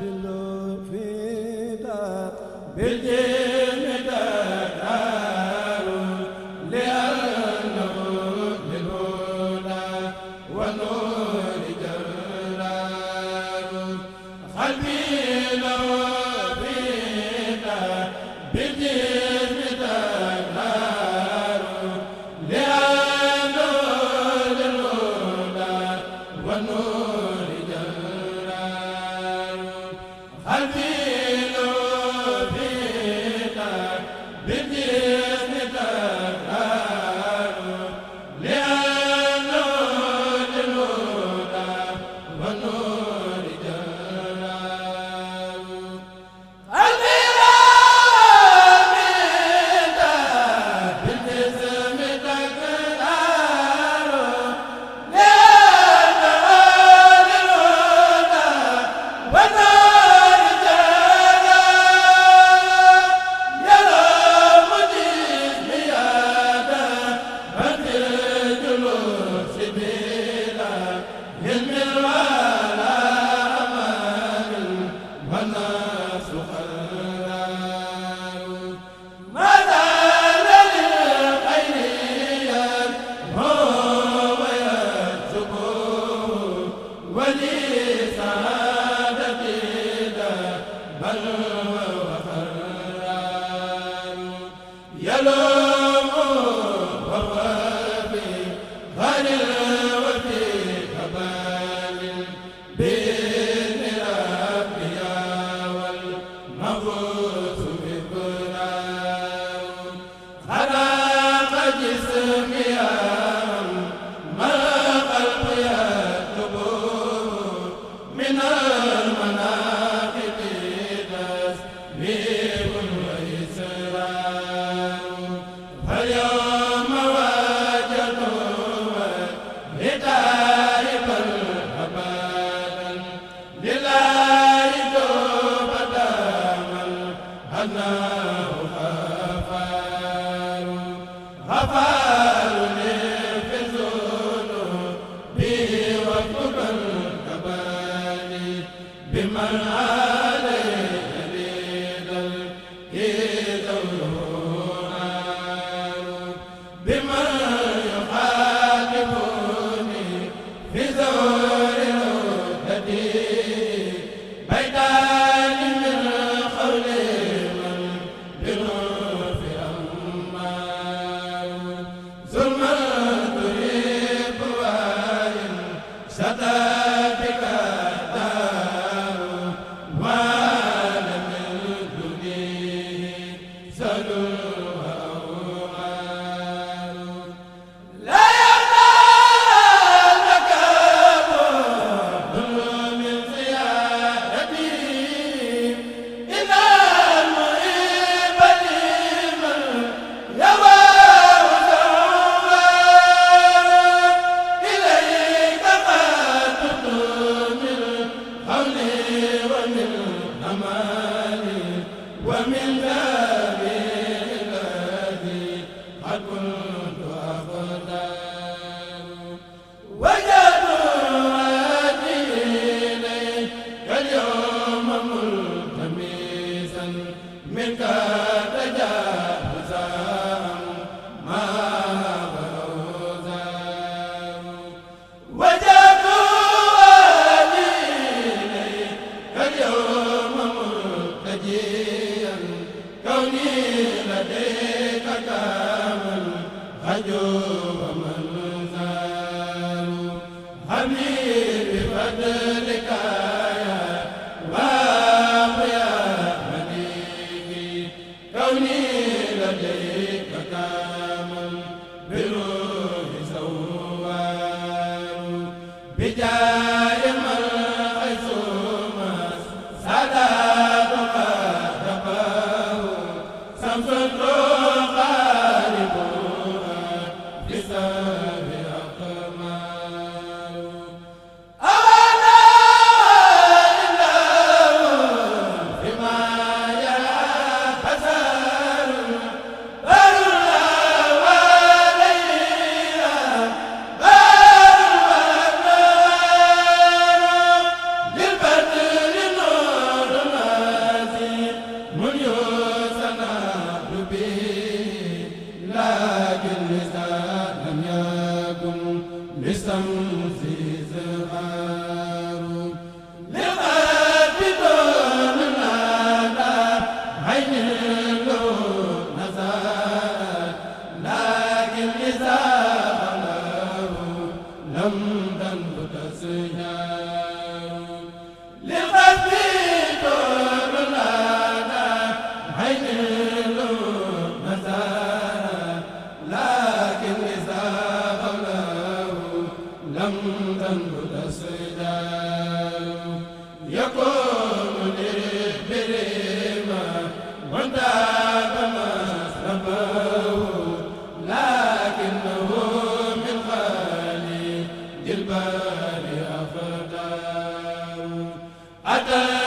beloved, beloved. Matar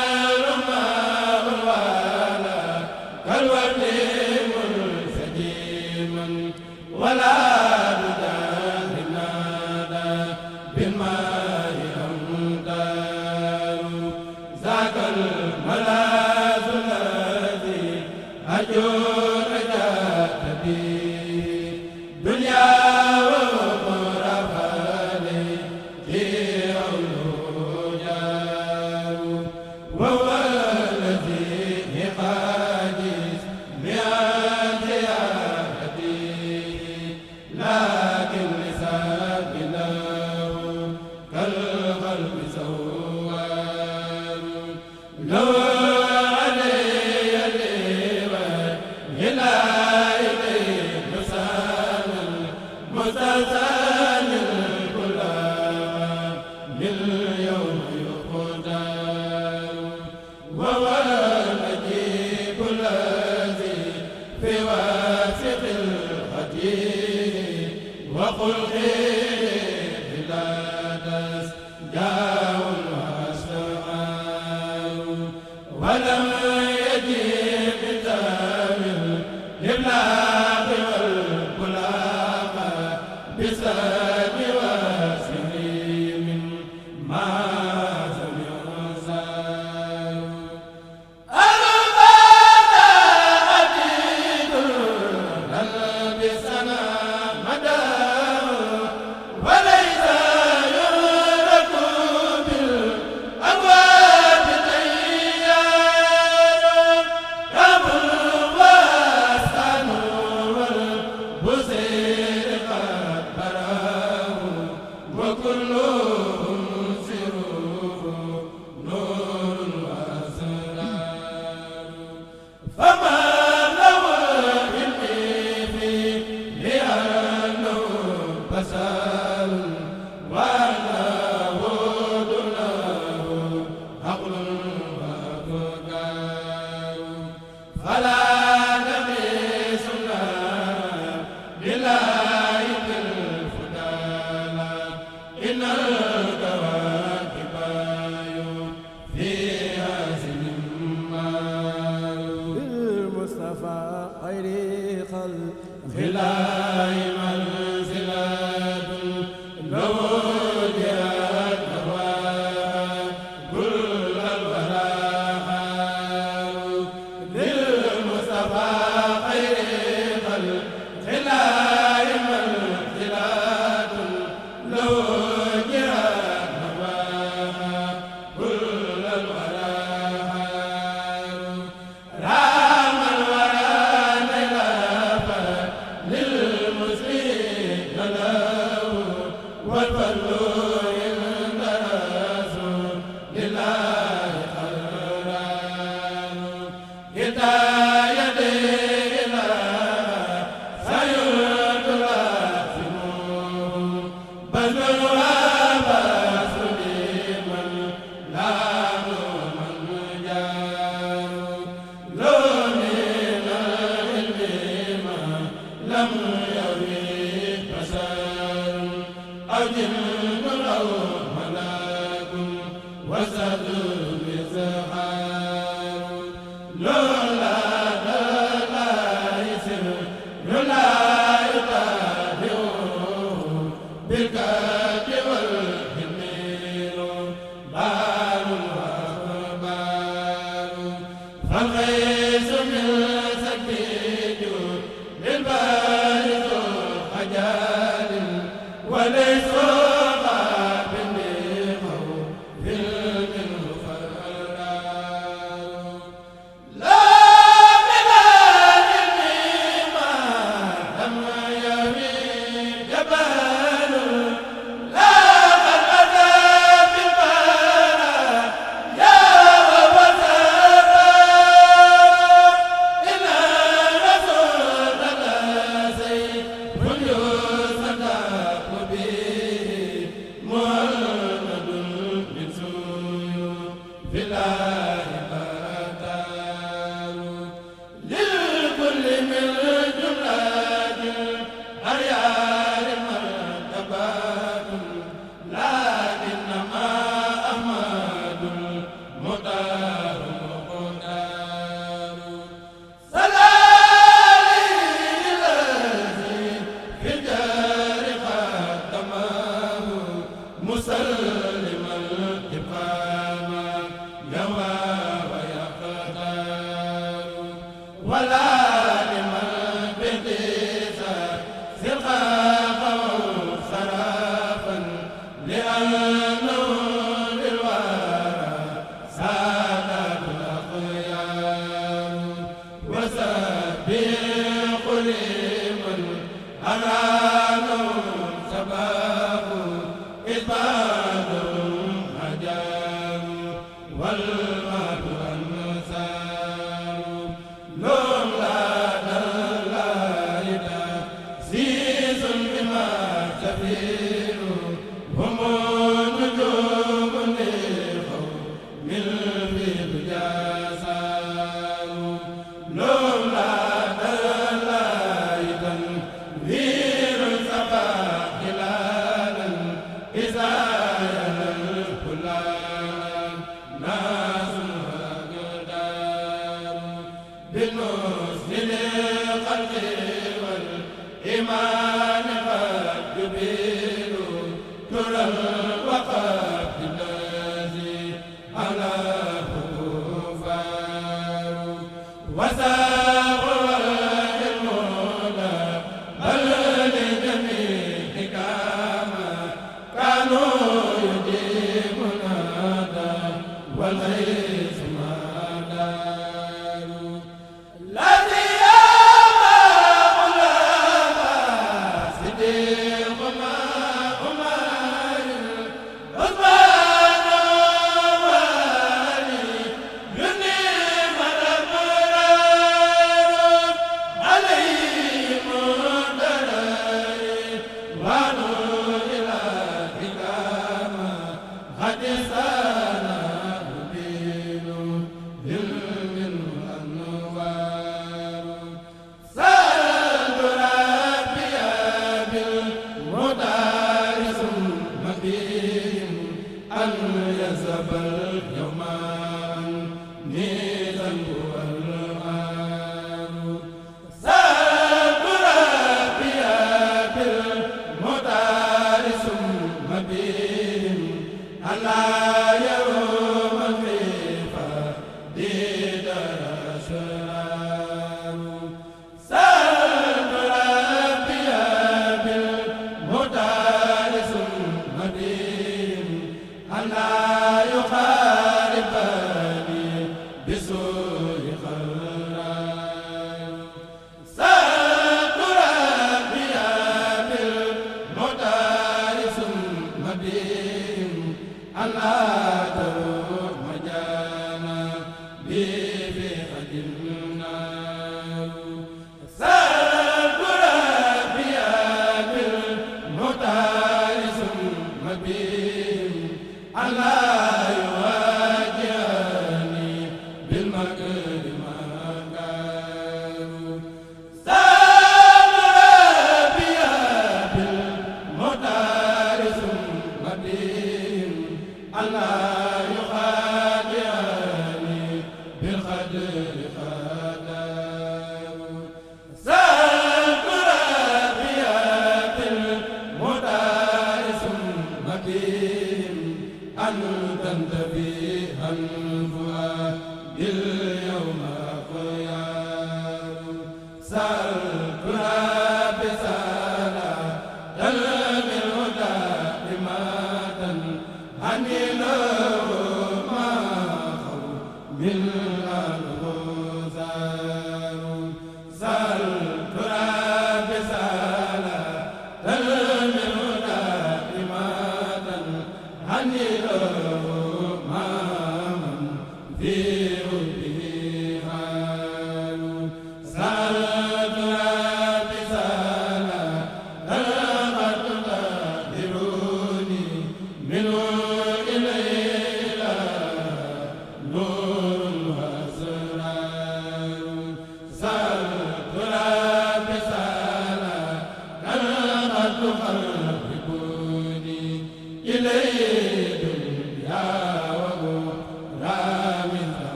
Hum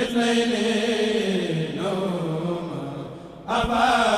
It's Nizlayne no ma abad.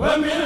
wa